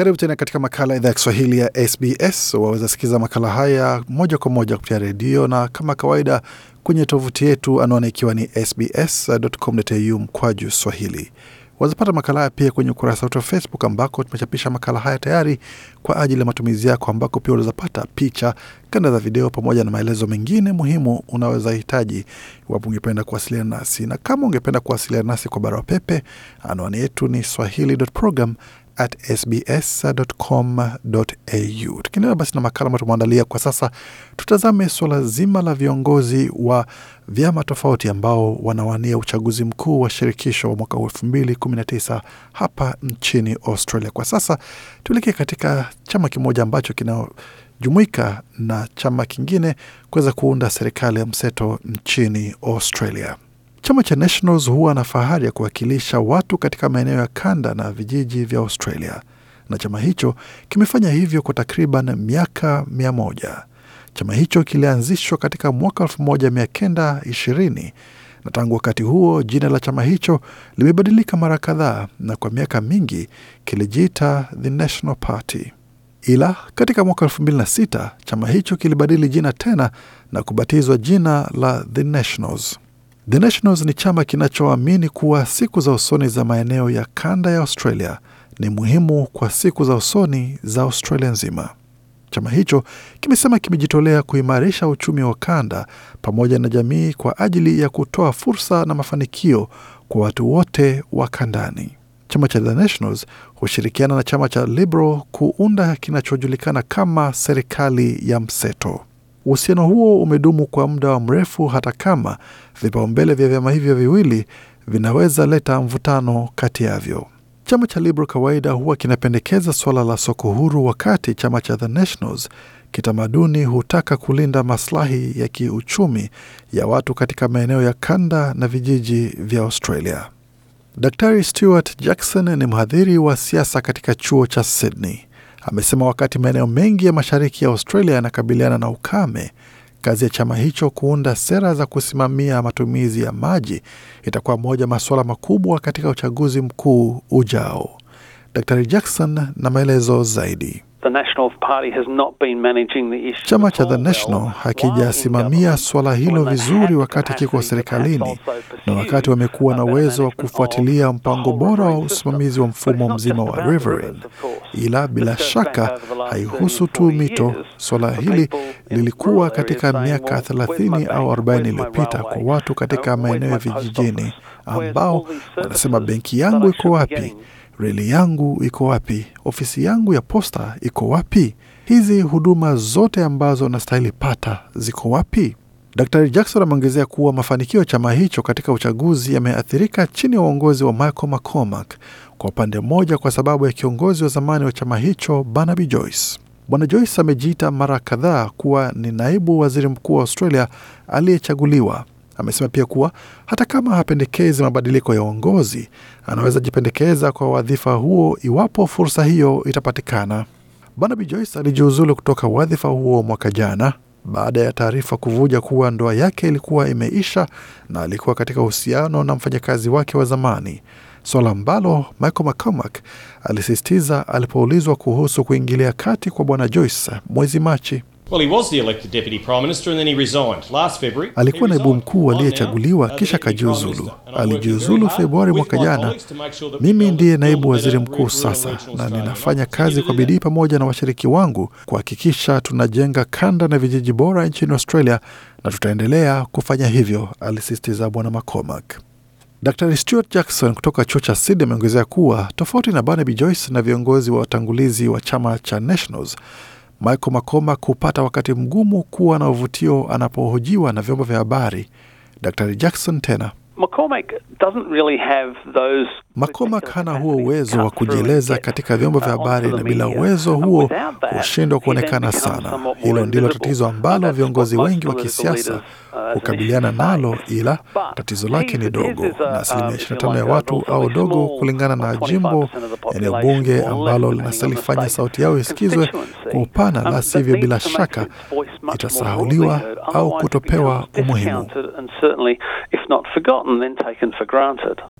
Karibu tena katika makala idhaa ya Kiswahili ya SBS. Waweza sikiza makala haya moja kwa moja kupitia redio na kama kawaida kwenye tovuti yetu, anwani ikiwa ni sbs.com.au mkwaju swahili. Wazapata makala haya pia kwenye ukurasa wetu wa Facebook ambako tumechapisha makala haya tayari kwa ajili ya matumizi yako, ambako pia unawezapata picha, kanda za video pamoja na maelezo mengine muhimu unaweza hitaji iwapo ungependa kuwasiliana nasi. Na kama ungependa kuwasiliana nasi kwa barua pepe, anwani yetu ni swahili.program at sbs.com.au. Tukiendelea basi na makala ambayo tumeandalia kwa sasa, tutazame suala zima la viongozi wa vyama tofauti ambao wanawania uchaguzi mkuu wa shirikisho wa mwaka elfu mbili kumi na tisa hapa nchini Australia. Kwa sasa tuelekee katika chama kimoja ambacho kinajumuika na chama kingine kuweza kuunda serikali ya mseto nchini Australia. Chama cha Nationals huwa na fahari ya kuwakilisha watu katika maeneo ya kanda na vijiji vya Australia, na chama hicho kimefanya hivyo kwa takriban miaka mia moja. Chama hicho kilianzishwa katika mwaka 1920 na tangu wakati huo jina la chama hicho limebadilika mara kadhaa, na kwa miaka mingi kilijiita The National Party. Ila katika mwaka 2006 chama hicho kilibadili jina tena na kubatizwa jina la The Nationals. The Nationals ni chama kinachoamini kuwa siku za usoni za maeneo ya kanda ya Australia ni muhimu kwa siku za usoni za Australia nzima. Chama hicho kimesema kimejitolea kuimarisha uchumi wa kanda pamoja na jamii kwa ajili ya kutoa fursa na mafanikio kwa watu wote wa kandani. Chama cha The Nationals hushirikiana na chama cha Liberal kuunda kinachojulikana kama serikali ya mseto. Uhusiano huo umedumu kwa muda mrefu, hata kama vipaumbele vya vyama hivyo viwili vinaweza leta mvutano kati yavyo. Chama cha Liberal kawaida huwa kinapendekeza suala la soko huru, wakati chama cha The Nationals kitamaduni hutaka kulinda maslahi ya kiuchumi ya watu katika maeneo ya kanda na vijiji vya Australia. Daktari Stuart Jackson ni mhadhiri wa siasa katika chuo cha Sydney amesema wakati maeneo mengi ya mashariki ya Australia yanakabiliana na ukame, kazi ya chama hicho kuunda sera za kusimamia matumizi ya maji itakuwa moja masuala makubwa katika uchaguzi mkuu ujao. Dr Jackson na maelezo zaidi. Chama cha The National hakijasimamia swala hilo vizuri wakati kiko serikalini na wakati wamekuwa na uwezo wa kufuatilia mpango bora wa usimamizi wa mfumo mzima wa Riverin. Ila bila shaka haihusu tu mito. Swala hili lilikuwa katika miaka 30 au 40 iliyopita kwa watu katika uh, maeneo ya vijijini ambao wanasema benki yangu iko wapi? reli yangu iko wapi? Ofisi yangu ya posta iko wapi? Hizi huduma zote ambazo nastahili pata ziko wapi? Dr Jackson ameongezea kuwa mafanikio ya chama hicho katika uchaguzi yameathirika chini ya uongozi wa Michael McCormack kwa upande mmoja, kwa sababu ya kiongozi wa zamani wa chama hicho Barnaby Joyce. Bwana Joyce amejiita mara kadhaa kuwa ni naibu waziri mkuu wa Australia aliyechaguliwa Amesema pia kuwa hata kama hapendekezi mabadiliko ya uongozi, anaweza jipendekeza kwa wadhifa huo iwapo fursa hiyo itapatikana. Barnaby Joyce alijiuzulu kutoka wadhifa huo mwaka jana baada ya taarifa kuvuja kuwa ndoa yake ilikuwa imeisha na alikuwa katika uhusiano na mfanyakazi wake wa zamani, swala ambalo Michael McCormack alisisitiza alipoulizwa kuhusu kuingilia kati kwa bwana Joyce mwezi Machi. Alikuwa naibu mkuu aliyechaguliwa kisha uh, kajiuzulu Alijiuzulu Februari mwaka jana. Mimi ndiye naibu waziri mkuu sasa, na ninafanya kazi kwa bidii pamoja na washiriki wangu kuhakikisha tunajenga kanda na vijiji bora nchini Australia, na tutaendelea kufanya hivyo, alisisitiza Bwana McCormack. Dr Stuart Jackson kutoka chuo cha Sydney ameongezea kuwa tofauti na Barnaby Joyce na viongozi wa watangulizi wa chama cha Nationals, Michael Makoma kupata wakati mgumu kuwa na uvutio anapohojiwa na vyombo vya habari. Dr Jackson tena doesn't really have those makomak hana huo uwezo wa kujieleza katika vyombo vya habari, na bila uwezo huo hushindwa kuonekana sana. Hilo ndilo tatizo ambalo viongozi wengi wa kisiasa hukabiliana uh, nalo, ila tatizo lake ni dogo, na asilimia 25 uh, ya watu au dogo, kulingana na uh, jimbo, eneo bunge ambalo linasalifanya sauti yao isikizwe kwa upana, la um, sivyo, bila shaka itasahauliwa au kutopewa umuhimu.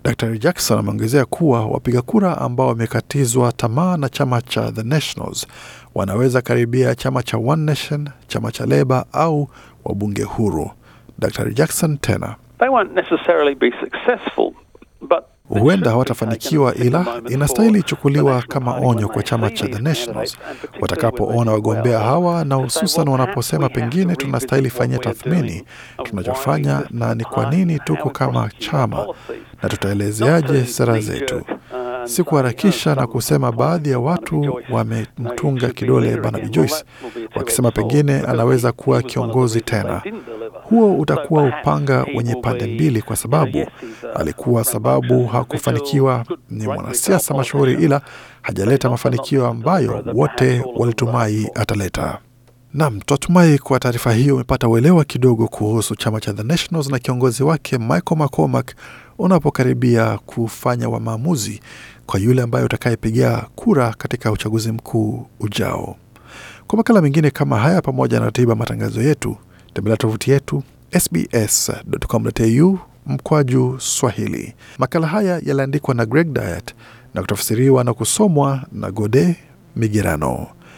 Dr Jackson ameongezea kuwa wapiga kura ambao wamekatizwa tamaa na chama cha The Nationals wanaweza karibia chama cha One Nation, chama cha Leba au wabunge huru. Dr Jackson tena They won't necessarily be successful, but Huenda hawatafanikiwa, ila inastahili ichukuliwa kama onyo kwa chama cha The Nationals watakapoona wagombea hawa, na hususan wanaposema pengine tunastahili fanyia tathmini tunachofanya na ni kwa nini tuko kama chama na tutaelezeaje sera zetu. Sikuharakisha na kusema baadhi ya watu wamemtunga kidole Bwana Joyce wakisema pengine anaweza kuwa kiongozi tena. Huo utakuwa upanga wenye pande mbili, kwa sababu alikuwa sababu hakufanikiwa. Ni mwanasiasa mashuhuri, ila hajaleta mafanikio ambayo wote walitumai ataleta. Nam, twatumai kwa taarifa hiyo umepata uelewa kidogo kuhusu chama cha The Nationals na kiongozi wake Michael McCormack unapokaribia kufanya wa maamuzi kwa yule ambaye utakayepigia kura katika uchaguzi mkuu ujao. Kwa makala mengine kama haya pamoja na ratiba matangazo yetu, tembelea tovuti yetu sbs.com.au mkwaju Swahili. Makala haya yaliandikwa na Greg Diet na kutafsiriwa na kusomwa na Gode Migerano.